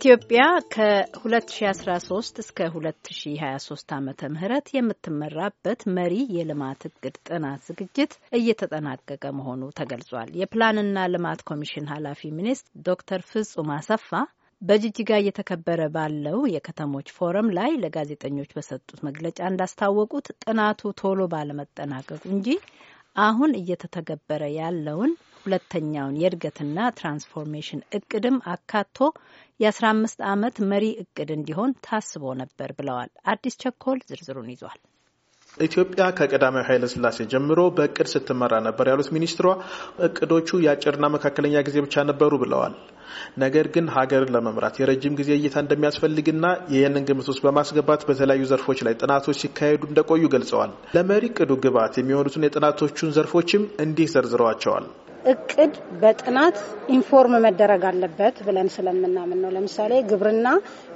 ኢትዮጵያ ከ2013 እስከ 2023 ዓመተ ምህረት የምትመራበት መሪ የልማት እቅድ ጥናት ዝግጅት እየተጠናቀቀ መሆኑ ተገልጿል። የፕላንና ልማት ኮሚሽን ኃላፊ ሚኒስትር ዶክተር ፍጹም አሰፋ በጅጅጋ እየተከበረ ባለው የከተሞች ፎረም ላይ ለጋዜጠኞች በሰጡት መግለጫ እንዳስታወቁት ጥናቱ ቶሎ ባለመጠናቀቁ እንጂ አሁን እየተተገበረ ያለውን ሁለተኛውን የእድገትና ትራንስፎርሜሽን እቅድም አካቶ የ15 ዓመት መሪ እቅድ እንዲሆን ታስቦ ነበር ብለዋል። አዲስ ቸኮል ዝርዝሩን ይዟል። ኢትዮጵያ ከቀዳማዊ ኃይለ ስላሴ ጀምሮ በእቅድ ስትመራ ነበር ያሉት ሚኒስትሯ እቅዶቹ የአጭርና መካከለኛ ጊዜ ብቻ ነበሩ ብለዋል። ነገር ግን ሀገርን ለመምራት የረጅም ጊዜ እይታ እንደሚያስፈልግና ይህንን ግምት ውስጥ በማስገባት በተለያዩ ዘርፎች ላይ ጥናቶች ሲካሄዱ እንደቆዩ ገልጸዋል። ለመሪ እቅዱ ግብዓት የሚሆኑትን የጥናቶቹን ዘርፎችም እንዲህ ዘርዝረዋቸዋል። እቅድ በጥናት ኢንፎርም መደረግ አለበት ብለን ስለምናምን ነው። ለምሳሌ ግብርና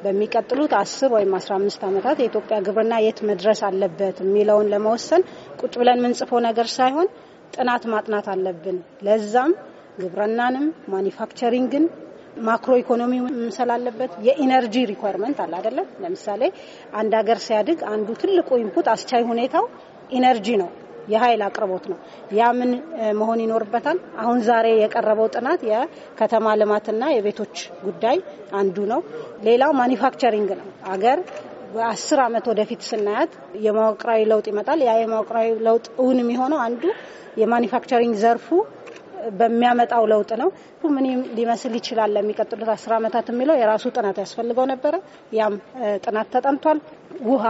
በሚቀጥሉት አስር ወይም አስራ አምስት ዓመታት የኢትዮጵያ ግብርና የት መድረስ አለበት የሚለውን ለመወሰን ቁጭ ብለን የምንጽፈው ነገር ሳይሆን ጥናት ማጥናት አለብን። ለዛም ግብርናንም ማኒፋክቸሪንግን ማክሮ ኢኮኖሚ መምሰል አለበት። የኢነርጂ ሪኳርመንት አለ አይደለም። ለምሳሌ አንድ ሀገር ሲያድግ አንዱ ትልቁ ኢንፑት አስቻይ ሁኔታው ኢነርጂ ነው። የኃይል አቅርቦት ነው። ያ ምን መሆን ይኖርበታል? አሁን ዛሬ የቀረበው ጥናት የከተማ ልማትና የቤቶች ጉዳይ አንዱ ነው። ሌላው ማኒፋክቸሪንግ ነው። አገር በአስር ዓመት ወደፊት ስናያት የመዋቅራዊ ለውጥ ይመጣል። ያ የመዋቅራዊ ለውጥ እውን የሚሆነው አንዱ የማኒፋክቸሪንግ ዘርፉ በሚያመጣው ለውጥ ነው። ምን ሊመስል ይችላል ለሚቀጥሉት አስር ዓመታት የሚለው የራሱ ጥናት ያስፈልገው ነበረ። ያም ጥናት ተጠምቷል። ውሃ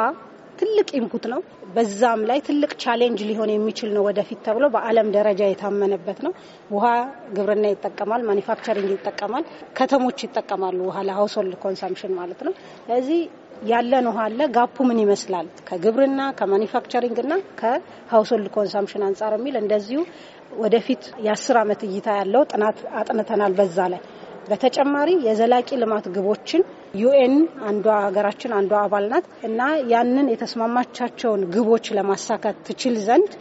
ትልቅ ኢንፑት ነው። በዛም ላይ ትልቅ ቻሌንጅ ሊሆን የሚችል ነው ወደፊት ተብሎ በዓለም ደረጃ የታመነበት ነው። ውሃ ግብርና ይጠቀማል፣ ማኒፋክቸሪንግ ይጠቀማል፣ ከተሞች ይጠቀማሉ። ውሃ ለሀውስሆልድ ኮንሰምሽን ማለት ነው። ስለዚህ ያለን ውሃ አለ ጋፑ ምን ይመስላል ከግብርና ከማኒፋክቸሪንግ እና ከሀውስሆልድ ኮንሰምሽን አንጻር የሚል እንደዚሁ ወደፊት የአስር ዓመት እይታ ያለው ጥናት አጥንተናል በዛ ላይ በተጨማሪ የዘላቂ ልማት ግቦችን ዩኤን አንዷ ሀገራችን አንዷ አባል ናት እና ያንን የተስማማቻቸውን ግቦች ለማሳካት ትችል ዘንድ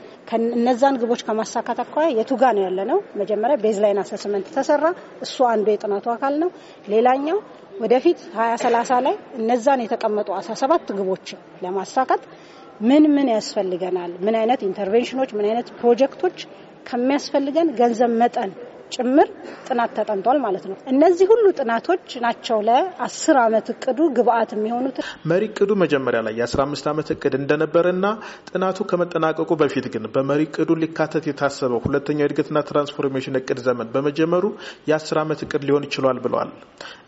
እነዛን ግቦች ከማሳካት አኳያ የቱጋ ነው ያለ ነው። መጀመሪያ ቤዝላይን አሰስመንት ተሰራ። እሱ አንዱ የጥናቱ አካል ነው። ሌላኛው ወደፊት ሀያ ሰላሳ ላይ እነዛን የተቀመጡ አስራ ሰባት ግቦችን ለማሳካት ምን ምን ያስፈልገናል፣ ምን አይነት ኢንተርቬንሽኖች፣ ምን አይነት ፕሮጀክቶች ከሚያስፈልገን ገንዘብ መጠን ጭምር ጥናት ተጠንቷል ማለት ነው። እነዚህ ሁሉ ጥናቶች ናቸው ለአስር ዓመት እቅዱ ግብአት የሚሆኑት። መሪ እቅዱ መጀመሪያ ላይ የአስራ አምስት ዓመት እቅድ እንደነበረና ጥናቱ ከመጠናቀቁ በፊት ግን በመሪ እቅዱ ሊካተት የታሰበው ሁለተኛው የእድገትና ትራንስፎርሜሽን እቅድ ዘመን በመጀመሩ የአስር ዓመት እቅድ ሊሆን ይችሏል ብለዋል።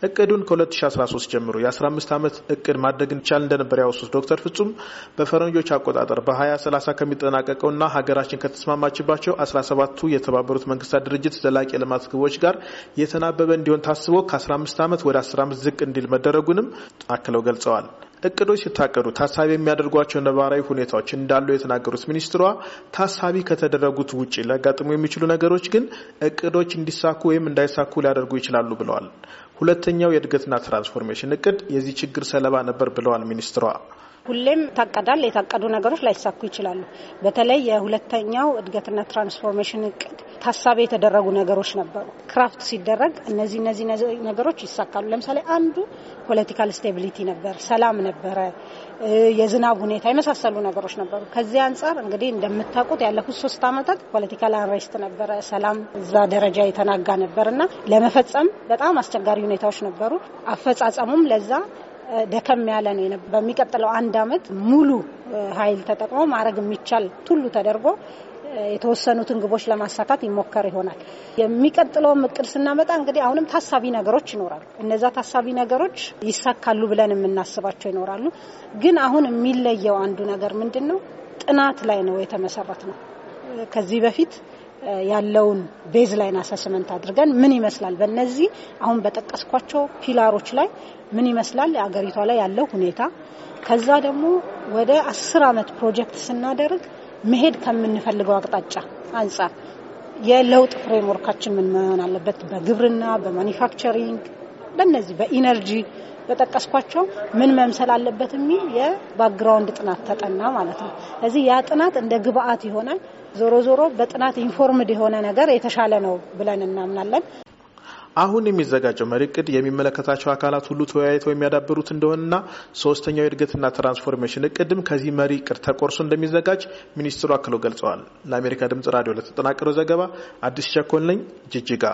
እቅዱን ከ2013 ጀምሮ የ15 ዓመት እቅድ ማድረግ ይቻል እንደነበር ያወሱት ዶክተር ፍጹም በፈረንጆች አቆጣጠር በ2030 ከሚጠናቀቀውና ሀገራችን ከተስማማችባቸው 17ቱ የተባበሩት መንግስታት ድርጅት ዘላቂ የልማት ግቦች ጋር የተናበበ እንዲሆን ታስቦ ከ15 ዓመት ወደ 15 ዝቅ እንዲል መደረጉንም አክለው ገልጸዋል። እቅዶች ሲታቀዱ ታሳቢ የሚያደርጓቸው ነባራዊ ሁኔታዎች እንዳሉ የተናገሩት ሚኒስትሯ ታሳቢ ከተደረጉት ውጭ ሊያጋጥሙ የሚችሉ ነገሮች ግን እቅዶች እንዲሳኩ ወይም እንዳይሳኩ ሊያደርጉ ይችላሉ ብለዋል። ሁለተኛው የእድገትና ትራንስፎርሜሽን እቅድ የዚህ ችግር ሰለባ ነበር ብለዋል ሚኒስትሯ። ሁሌም ይታቀዳል። የታቀዱ ነገሮች ላይሳኩ ይችላሉ። በተለይ የሁለተኛው እድገትና ትራንስፎርሜሽን እቅድ ታሳቢ የተደረጉ ነገሮች ነበሩ። ክራፍት ሲደረግ እነዚህ እነዚህ ነገሮች ይሳካሉ። ለምሳሌ አንዱ ፖለቲካል ስቴቢሊቲ ነበር፣ ሰላም ነበረ፣ የዝናብ ሁኔታ የመሳሰሉ ነገሮች ነበሩ። ከዚህ አንጻር እንግዲህ እንደምታውቁት ያለፉት ሶስት ዓመታት ፖለቲካል አንሬስት ነበረ፣ ሰላም እዛ ደረጃ የተናጋ ነበር እና ለመፈጸም በጣም አስቸጋሪ ሁኔታዎች ነበሩ። አፈጻጸሙም ለዛ ደከም ያለ ነው። በሚቀጥለው አንድ አመት ሙሉ ኃይል ተጠቅሞ ማድረግ የሚቻል ሁሉ ተደርጎ የተወሰኑትን ግቦች ለማሳካት ይሞከር ይሆናል። የሚቀጥለውም እቅድ ስናመጣ እንግዲህ አሁንም ታሳቢ ነገሮች ይኖራሉ። እነዛ ታሳቢ ነገሮች ይሳካሉ ብለን የምናስባቸው ይኖራሉ። ግን አሁን የሚለየው አንዱ ነገር ምንድን ነው? ጥናት ላይ ነው የተመሰረት ነው። ከዚህ በፊት ያለውን ቤዝ ላይን አሰስመንት አድርገን ምን ይመስላል በእነዚህ አሁን በጠቀስኳቸው ፒላሮች ላይ ምን ይመስላል አገሪቷ ላይ ያለው ሁኔታ ከዛ ደግሞ ወደ አስር አመት ፕሮጀክት ስናደርግ መሄድ ከምንፈልገው አቅጣጫ አንጻር የለውጥ ፍሬምወርካችን ምን መሆን አለበት? በግብርና፣ በማኒፋክቸሪንግ፣ በእነዚህ በኢነርጂ በጠቀስኳቸው ምን መምሰል አለበት የሚል የባክግራውንድ ጥናት ተጠና ማለት ነው። ስለዚህ ያ ጥናት እንደ ግብአት ይሆናል። ዞሮ ዞሮ በጥናት ኢንፎርምድ የሆነ ነገር የተሻለ ነው ብለን እናምናለን። አሁን የሚዘጋጀው መሪ እቅድ የሚመለከታቸው አካላት ሁሉ ተወያይተው የሚያዳብሩት እንደሆነና ሶስተኛው የእድገትና ትራንስፎርሜሽን እቅድም ከዚህ መሪ እቅድ ተቆርሶ እንደሚዘጋጅ ሚኒስትሩ አክለው ገልጸዋል። ለአሜሪካ ድምጽ ራዲዮ ለተጠናቀረው ዘገባ አዲስ ቸኮል ነኝ ጅጅጋ